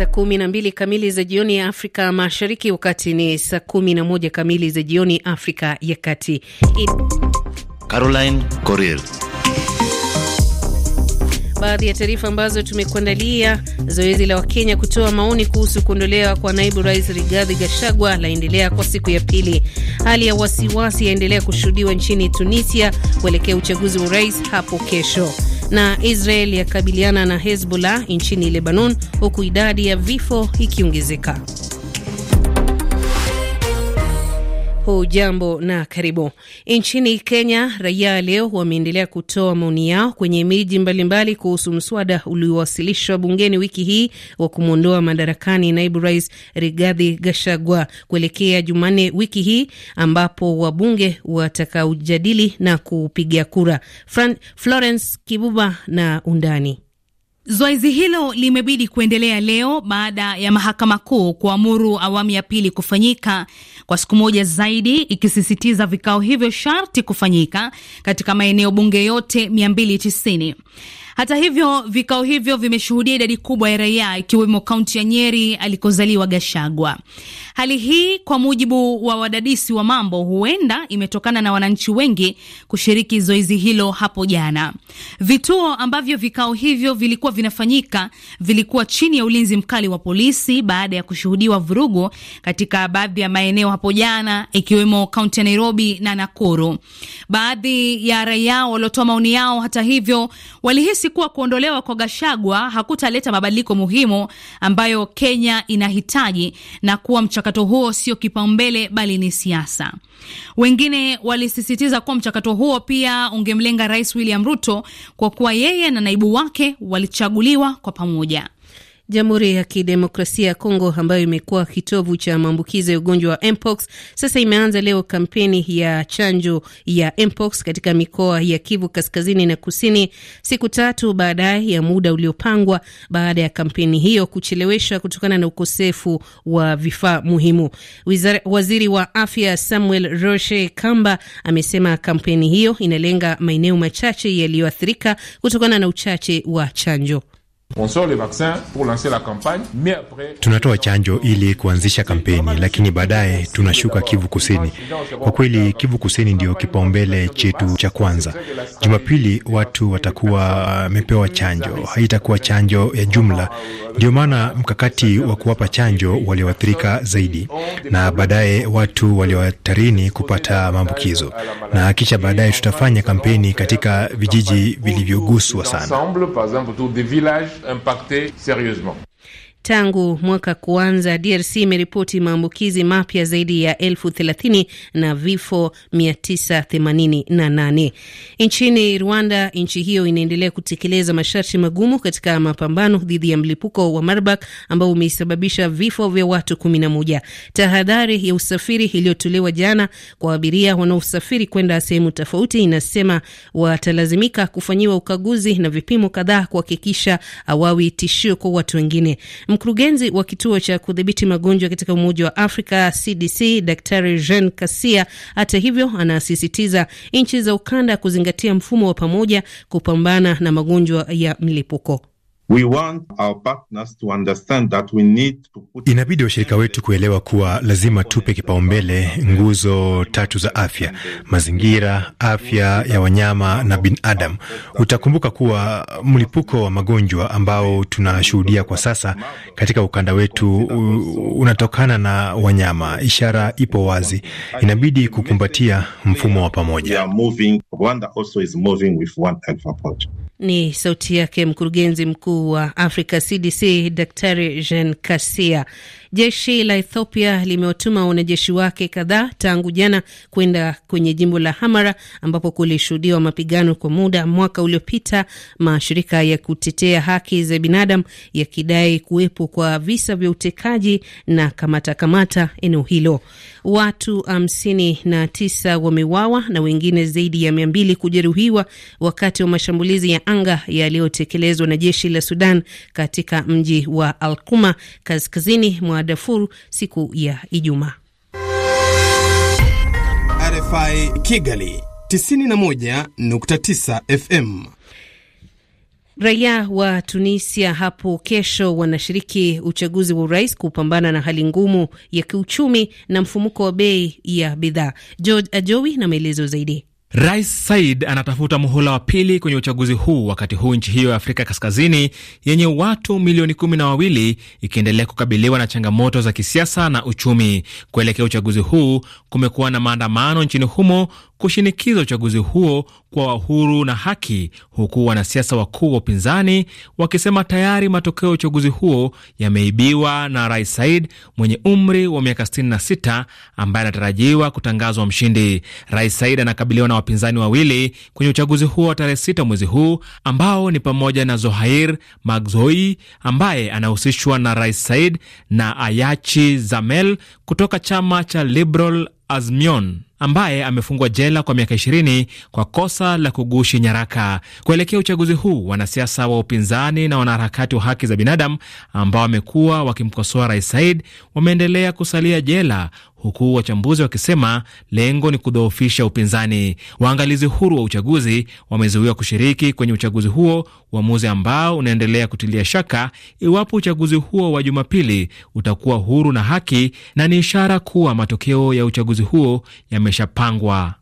saa kumi na mbili kamili za jioni ya Afrika Mashariki, wakati ni saa kumi na moja kamili za jioni Afrika ya Kati. It... Caroline Corel Baadhi ya taarifa ambazo tumekuandalia: zoezi la Wakenya kutoa maoni kuhusu kuondolewa kwa naibu rais Rigathi Gachagua laendelea kwa siku ya pili. Hali ya wasiwasi yaendelea kushuhudiwa nchini Tunisia kuelekea uchaguzi wa urais hapo kesho na Israel yakabiliana na Hezbollah nchini Lebanon, huku idadi ya vifo ikiongezeka. Hujambo na karibu. Nchini Kenya, raia leo wameendelea kutoa maoni yao kwenye miji mbalimbali kuhusu mswada uliowasilishwa bungeni wiki hii wa kumwondoa madarakani naibu rais Rigathi Gachagua kuelekea Jumanne wiki hii ambapo wabunge watakaojadili na kupiga kura. Florence Kibuba na undani Zoezi hilo limebidi kuendelea leo baada ya mahakama kuu kuamuru awamu ya pili kufanyika kwa siku moja zaidi, ikisisitiza vikao hivyo sharti kufanyika katika maeneo bunge yote 290. Hata hivyo, vikao hivyo vimeshuhudia idadi kubwa ya raia, ikiwemo kaunti ya Nyeri alikozaliwa Gashagwa. Hali hii kwa mujibu wa wadadisi wa mambo, huenda imetokana na wananchi wengi kushiriki zoezi hilo hapo jana. Vituo ambavyo vikao hivyo vilikuwa vinafanyika vilikuwa chini ya ulinzi mkali wa polisi baada ya kushuhudiwa vurugu katika baadhi ya maeneo hapo jana, ikiwemo kaunti ya Nairobi na Nakuru. Baadhi ya raia waliotoa maoni yao, hata hivyo, walihisi kuwa kuondolewa kwa Gashagwa hakutaleta mabadiliko muhimu ambayo Kenya inahitaji na kuwa mchakato huo sio kipaumbele bali ni siasa. Wengine walisisitiza kuwa mchakato huo pia ungemlenga Rais William Ruto kwa kuwa yeye na naibu wake walichaguliwa kwa pamoja. Jamhuri ya Kidemokrasia ya Kongo ambayo imekuwa kitovu cha maambukizi ya ugonjwa wa mpox sasa imeanza leo kampeni ya chanjo ya mpox katika mikoa ya Kivu kaskazini na kusini, siku tatu baadaye ya muda uliopangwa baada ya kampeni hiyo kucheleweshwa kutokana na ukosefu wa vifaa muhimu. Waziri wa afya Samuel Roche Kamba amesema kampeni hiyo inalenga maeneo machache yaliyoathirika kutokana na uchache wa chanjo. Tunatoa chanjo ili kuanzisha kampeni, lakini baadaye tunashuka Kivu Kusini. Kwa kweli, Kivu Kusini ndio kipaumbele chetu cha kwanza. Jumapili watu watakuwa wamepewa chanjo, haitakuwa chanjo ya jumla. Ndio maana mkakati wa kuwapa chanjo walioathirika zaidi, na baadaye watu waliohatarini kupata maambukizo, na kisha baadaye tutafanya kampeni katika vijiji vilivyoguswa sana. impacté sérieusement. Tangu mwaka kuanza, DRC imeripoti maambukizi mapya zaidi ya elfu thelathini na vifo 988. Nchini Rwanda, nchi hiyo inaendelea kutekeleza masharti magumu katika mapambano dhidi ya mlipuko wa Marburg ambao umesababisha vifo vya watu 11. Tahadhari ya usafiri iliyotolewa jana kwa abiria wanaosafiri kwenda sehemu tofauti inasema watalazimika kufanyiwa ukaguzi na vipimo kadhaa kuhakikisha hawawi tishio kwa watu wengine. Mkurugenzi wa kituo cha kudhibiti magonjwa katika Umoja wa Afrika CDC, Daktari Jean Kasia, hata hivyo, anasisitiza nchi za ukanda kuzingatia mfumo wa pamoja kupambana na magonjwa ya mlipuko. We want our partners to understand that we need to put... inabidi washirika wetu kuelewa kuwa lazima tupe kipaumbele nguzo tatu za afya: mazingira, afya ya wanyama na binadamu. Utakumbuka kuwa mlipuko wa magonjwa ambao tunashuhudia kwa sasa katika ukanda wetu unatokana na wanyama. Ishara ipo wazi, inabidi kukumbatia mfumo wa pamoja. Ni sauti yake mkurugenzi mkuu wa Africa CDC Daktari Jean Kasia. Jeshi la Ethiopia limewatuma wanajeshi wake kadhaa tangu jana kwenda kwenye jimbo la Hamara ambapo kulishuhudiwa mapigano kwa muda mwaka uliopita, mashirika ya kutetea haki za binadamu yakidai kuwepo kwa visa vya utekaji na kamata kamata eneo hilo. Watu hamsini na tisa wamewawa na wengine zaidi ya mia mbili kujeruhiwa wakati wa mashambulizi ya anga yaliyotekelezwa na jeshi la Sudan katika mji wa Alkuma kaskazini mwa Darfur siku ya Ijumaa. RFI Kigali 91.9 FM. Raia wa Tunisia hapo kesho wanashiriki uchaguzi wa urais kupambana na hali ngumu ya kiuchumi na mfumuko wa bei ya bidhaa. George Ajowi na maelezo zaidi. Rais Said anatafuta muhula wa pili kwenye uchaguzi huu, wakati huu nchi hiyo ya Afrika Kaskazini yenye watu milioni kumi na wawili ikiendelea kukabiliwa na changamoto za kisiasa na uchumi. Kuelekea uchaguzi huu, kumekuwa na maandamano nchini humo, kushinikiza uchaguzi huo kwa wahuru na haki, huku wanasiasa wakuu wa upinzani wakisema tayari matokeo ya uchaguzi huo yameibiwa na Rais Said mwenye umri wa miaka 66 ambaye anatarajiwa kutangazwa mshindi. Rais Said anakabiliwa na wapinzani wawili kwenye uchaguzi huo wa tarehe sita mwezi huu ambao ni pamoja na Zohair Magzoi ambaye anahusishwa na Rais Said na Ayachi Zamel kutoka chama cha Liberal Azmion ambaye amefungwa jela kwa miaka 20 kwa kosa la kugushi nyaraka. Kuelekea uchaguzi huu, wanasiasa wa upinzani na wanaharakati wa haki za binadamu ambao wamekuwa wakimkosoa Rais Said wameendelea kusalia jela huku wachambuzi wakisema lengo ni kudhoofisha upinzani. Waangalizi huru wa uchaguzi wamezuiwa kushiriki kwenye uchaguzi huo, uamuzi ambao unaendelea kutilia shaka iwapo uchaguzi huo wa Jumapili utakuwa huru na haki, na ni ishara kuwa matokeo ya uchaguzi huo yameshapangwa.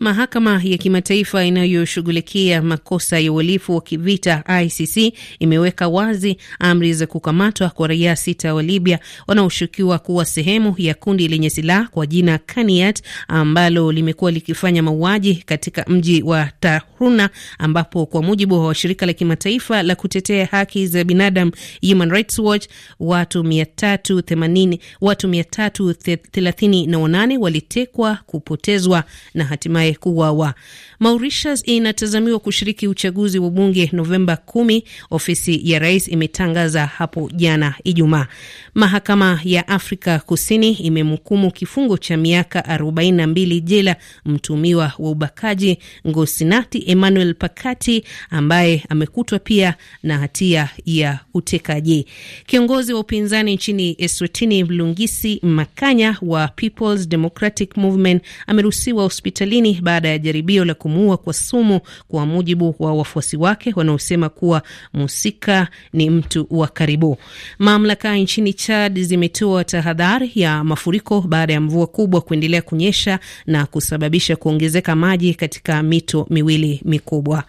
Mahakama ya kimataifa inayoshughulikia makosa ya uhalifu wa kivita ICC imeweka wazi amri za kukamatwa kwa raia sita wa Libya wanaoshukiwa kuwa sehemu ya kundi lenye silaha kwa jina Kaniat ambalo limekuwa likifanya mauaji katika mji wa Tahruna, ambapo kwa mujibu wa shirika la kimataifa la kutetea haki za binadamu Human Rights Watch watu 330 watu 338 walitekwa, kupotezwa na hatimaye hatimaye kuuawa. Mauritius inatazamiwa kushiriki uchaguzi wa bunge Novemba 1 ofisi ya rais imetangaza hapo jana Ijumaa. Mahakama ya Afrika Kusini imemhukumu kifungo cha miaka 42 jela mtumiwa wa ubakaji Ngosinati Emmanuel Pakati ambaye amekutwa pia na hatia ya utekaji. Kiongozi wa upinzani nchini Eswatini Mlungisi Makanya wa People's Democratic Movement ameruhusiwa hospitalini baada ya jaribio la kumuua kwa sumu, kwa mujibu wa wafuasi wake wanaosema kuwa mhusika ni mtu wa karibu. Mamlaka nchini Chad zimetoa tahadhari ya mafuriko baada ya mvua kubwa kuendelea kunyesha na kusababisha kuongezeka maji katika mito miwili mikubwa.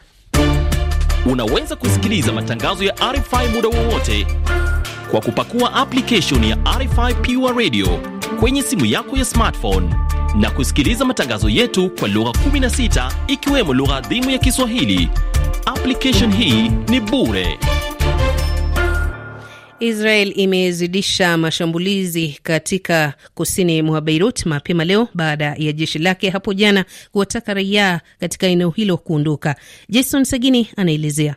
Unaweza kusikiliza matangazo ya RFI muda wowote kwa kupakua application ya RFI Pure Radio kwenye simu yako ya smartphone na kusikiliza matangazo yetu kwa lugha 16 ikiwemo lugha adhimu ya Kiswahili. Application hii ni bure. Israel imezidisha mashambulizi katika kusini mwa Beirut mapema leo baada ya jeshi lake hapo jana kuwataka raia katika eneo hilo kuondoka. Jason Sagini anaelezea.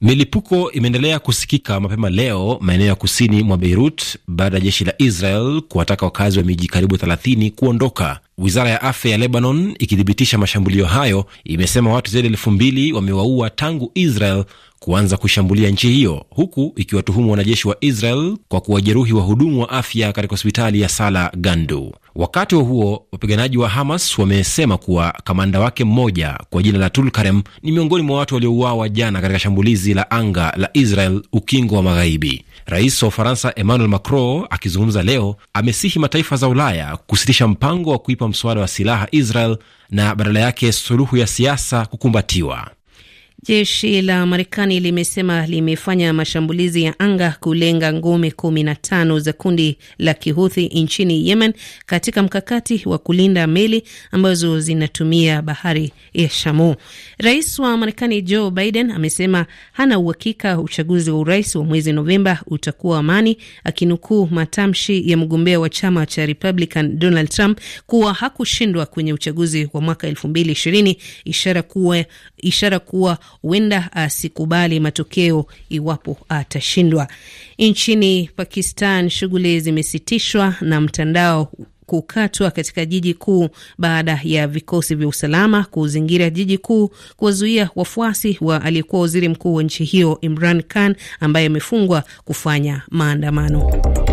Milipuko imeendelea kusikika mapema leo maeneo ya kusini mwa Beirut baada ya jeshi la Israel kuwataka wakazi wa miji karibu 30 kuondoka. Wizara ya afya ya Lebanon ikithibitisha mashambulio hayo imesema watu zaidi ya elfu mbili wamewaua tangu Israel kuanza kushambulia nchi hiyo huku ikiwatuhumu wanajeshi wa Israel kwa kuwajeruhi wahudumu wa afya katika hospitali ya Sala Gandu. Wakati wa huo wapiganaji wa Hamas wamesema kuwa kamanda wake mmoja kwa jina la Tulkarem ni miongoni mwa watu waliouawa jana katika shambulizi la anga la Israel ukingo wa magharibi. Rais wa Ufaransa Emmanuel Macron akizungumza leo amesihi mataifa za Ulaya kusitisha mpango wa kuipa mswada wa silaha Israel na badala yake suluhu ya siasa kukumbatiwa. Jeshi la Marekani limesema limefanya mashambulizi ya anga kulenga ngome kumi na tano za kundi la kihuthi nchini Yemen katika mkakati wa kulinda meli ambazo zinatumia bahari ya Shamu. Rais wa Marekani Joe Biden amesema hana uhakika uchaguzi wa urais wa mwezi Novemba utakuwa amani, akinukuu matamshi ya mgombea wa chama cha Republican Donald Trump kuwa hakushindwa kwenye uchaguzi wa mwaka elfu mbili ishirini, ishara kuwa ishara kuwa huenda asikubali matokeo iwapo atashindwa. Nchini Pakistan, shughuli zimesitishwa na mtandao kukatwa katika jiji kuu baada ya vikosi vya usalama kuzingira jiji kuu kuwazuia wafuasi wa aliyekuwa waziri mkuu wa nchi hiyo Imran Khan ambaye amefungwa kufanya maandamano.